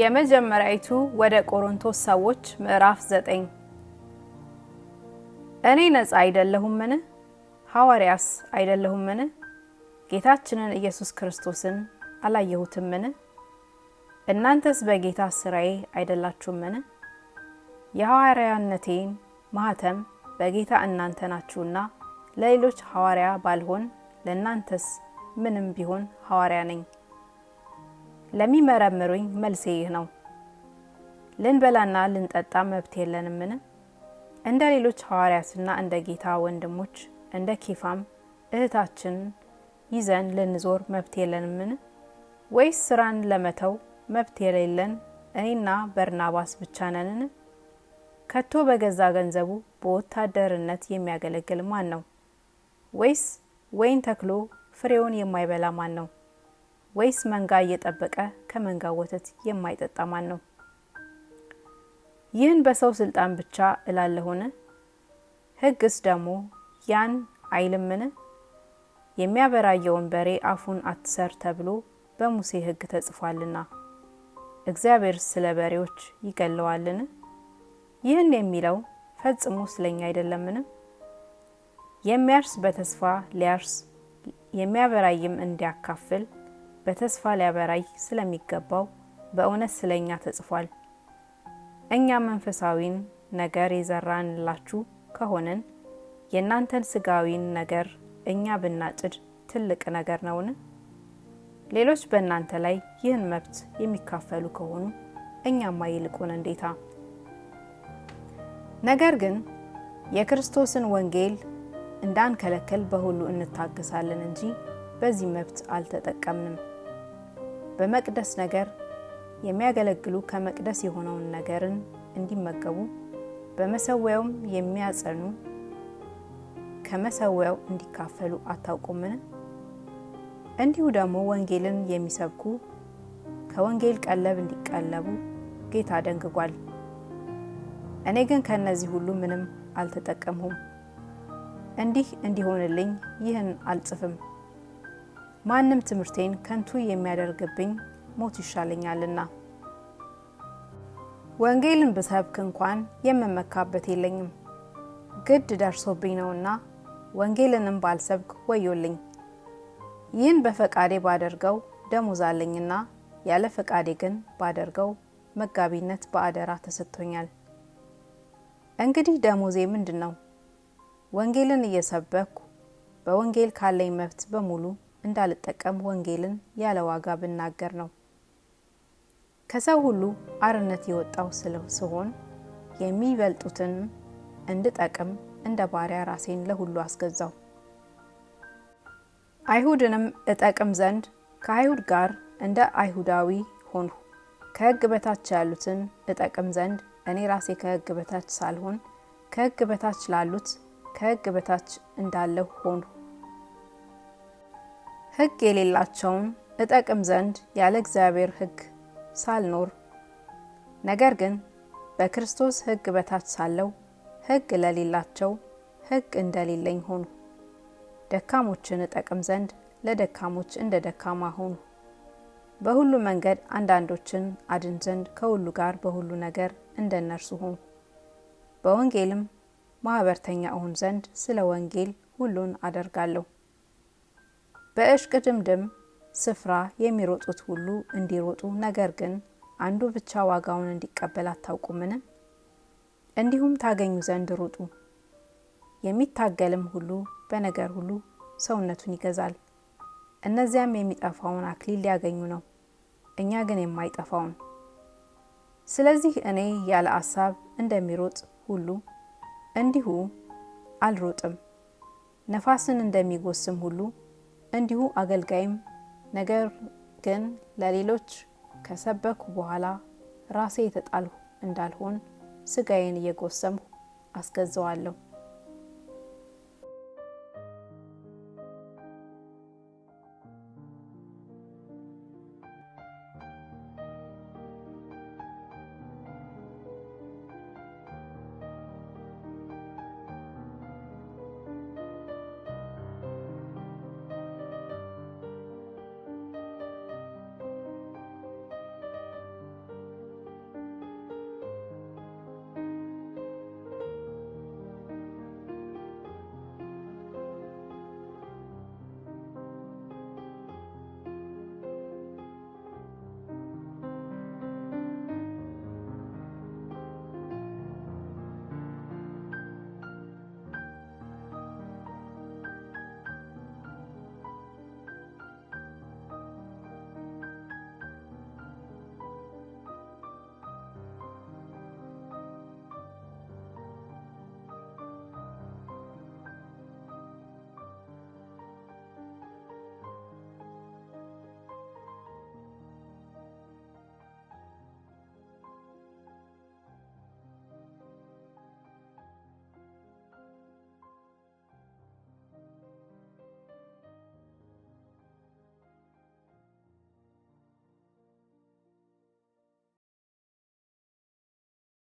የመጀመሪያይቱ ወደ ቆሮንቶስ ሰዎች ምዕራፍ 9 እኔ ነፃ አይደለሁምን? ሐዋርያስ አይደለሁምን? ጌታችንን ኢየሱስ ክርስቶስን አላየሁትምን? እናንተስ በጌታ ስራዬ አይደላችሁምን? የሐዋርያነቴን ማህተም በጌታ እናንተ ናችሁና ለሌሎች ሐዋርያ ባልሆን ለእናንተስ ምንም ቢሆን ሐዋርያ ነኝ። ለሚመረምሩኝ መልሴ ይህ ነው። ልንበላና ልንጠጣ መብት የለንምን? እንደ ሌሎች ሐዋርያትና እንደ ጌታ ወንድሞች እንደ ኬፋም እህታችን ይዘን ልንዞር መብት የለንምን? ወይስ ስራን ለመተው መብት የሌለን እኔና በርናባስ ብቻ ነንን? ከቶ በገዛ ገንዘቡ በወታደርነት የሚያገለግል ማን ነው? ወይስ ወይን ተክሎ ፍሬውን የማይበላ ማን ነው? ወይስ መንጋ እየጠበቀ ከመንጋ ወተት የማይጠጣ ማን ነው? ይህን በሰው ስልጣን ብቻ እላለሁን? ሕግስ ደግሞ ያን አይልምን? የሚያበራየውን በሬ አፉን አትሰር ተብሎ በሙሴ ሕግ ተጽፏልና እግዚአብሔር ስለ በሬዎች ይገለዋልን? ይህን የሚለው ፈጽሞ ስለኛ አይደለምን? የሚያርስ በተስፋ ሊያርስ የሚያበራይም እንዲያካፍል በተስፋ ሊያበራይ ስለሚገባው በእውነት ስለኛ ተጽፏል። እኛ መንፈሳዊን ነገር የዘራንላችሁ ከሆንን የእናንተን ስጋዊን ነገር እኛ ብናጭድ ትልቅ ነገር ነውን? ሌሎች በእናንተ ላይ ይህን መብት የሚካፈሉ ከሆኑ እኛማ ይልቁን እንዴታ! ነገር ግን የክርስቶስን ወንጌል እንዳንከለከል በሁሉ እንታገሳለን እንጂ በዚህ መብት አልተጠቀምንም። በመቅደስ ነገር የሚያገለግሉ ከመቅደስ የሆነውን ነገርን እንዲመገቡ በመሰዊያውም የሚያጸኑ ከመሰዊያው እንዲካፈሉ አታውቁምን? እንዲሁ ደግሞ ወንጌልን የሚሰብኩ ከወንጌል ቀለብ እንዲቀለቡ ጌታ ደንግጓል። እኔ ግን ከእነዚህ ሁሉ ምንም አልተጠቀምሁም። እንዲህ እንዲሆንልኝ ይህን አልጽፍም። ማንም ትምህርቴን ከንቱ የሚያደርግብኝ ሞት ይሻለኛልና። ወንጌልን ብሰብክ እንኳን የምመካበት የለኝም፣ ግድ ደርሶብኝ ነውና ወንጌልንም ባልሰብክ ወዮልኝ። ይህን በፈቃዴ ባደርገው ደሞዝ አለኝና ያለ ፈቃዴ ግን ባደርገው መጋቢነት በአደራ ተሰጥቶኛል። እንግዲህ ደሞዜ ምንድን ነው? ወንጌልን እየሰበኩ በወንጌል ካለኝ መብት በሙሉ እንዳልጠቀም ወንጌልን ያለ ዋጋ ብናገር ነው። ከሰው ሁሉ አርነት የወጣው ስሆን የሚበልጡትን እንድጠቅም እንደ ባሪያ ራሴን ለሁሉ አስገዛው። አይሁድንም እጠቅም ዘንድ ከአይሁድ ጋር እንደ አይሁዳዊ ሆንሁ። ከሕግ በታች ያሉትን እጠቅም ዘንድ እኔ ራሴ ከሕግ በታች ሳልሆን ከሕግ በታች ላሉት ከሕግ በታች እንዳለሁ ሆንሁ። ሕግ የሌላቸውን እጠቅም ዘንድ ያለ እግዚአብሔር ሕግ ሳልኖር፣ ነገር ግን በክርስቶስ ሕግ በታች ሳለው ሕግ ለሌላቸው ሕግ እንደሌለኝ ሆኑ። ደካሞችን እጠቅም ዘንድ ለደካሞች እንደ ደካማ ሆኑ። በሁሉ መንገድ አንዳንዶችን አድን ዘንድ ከሁሉ ጋር በሁሉ ነገር እንደ እነርሱ ሆኑ። በወንጌልም ማኅበርተኛ እሆን ዘንድ ስለ ወንጌል ሁሉን አደርጋለሁ። በእሽቅድምድም ስፍራ የሚሮጡት ሁሉ እንዲሮጡ፣ ነገር ግን አንዱ ብቻ ዋጋውን እንዲቀበል አታውቁምን? እንዲሁም ታገኙ ዘንድ ሩጡ። የሚታገልም ሁሉ በነገር ሁሉ ሰውነቱን ይገዛል። እነዚያም የሚጠፋውን አክሊል ሊያገኙ ነው፣ እኛ ግን የማይጠፋውን። ስለዚህ እኔ ያለ አሳብ እንደሚሮጥ ሁሉ እንዲሁ አልሮጥም። ነፋስን እንደሚጎስም ሁሉ እንዲሁ አገልጋይም። ነገር ግን ለሌሎች ከሰበኩ በኋላ ራሴ የተጣልሁ እንዳልሆን ስጋዬን እየጎሰምሁ አስገዘዋለሁ።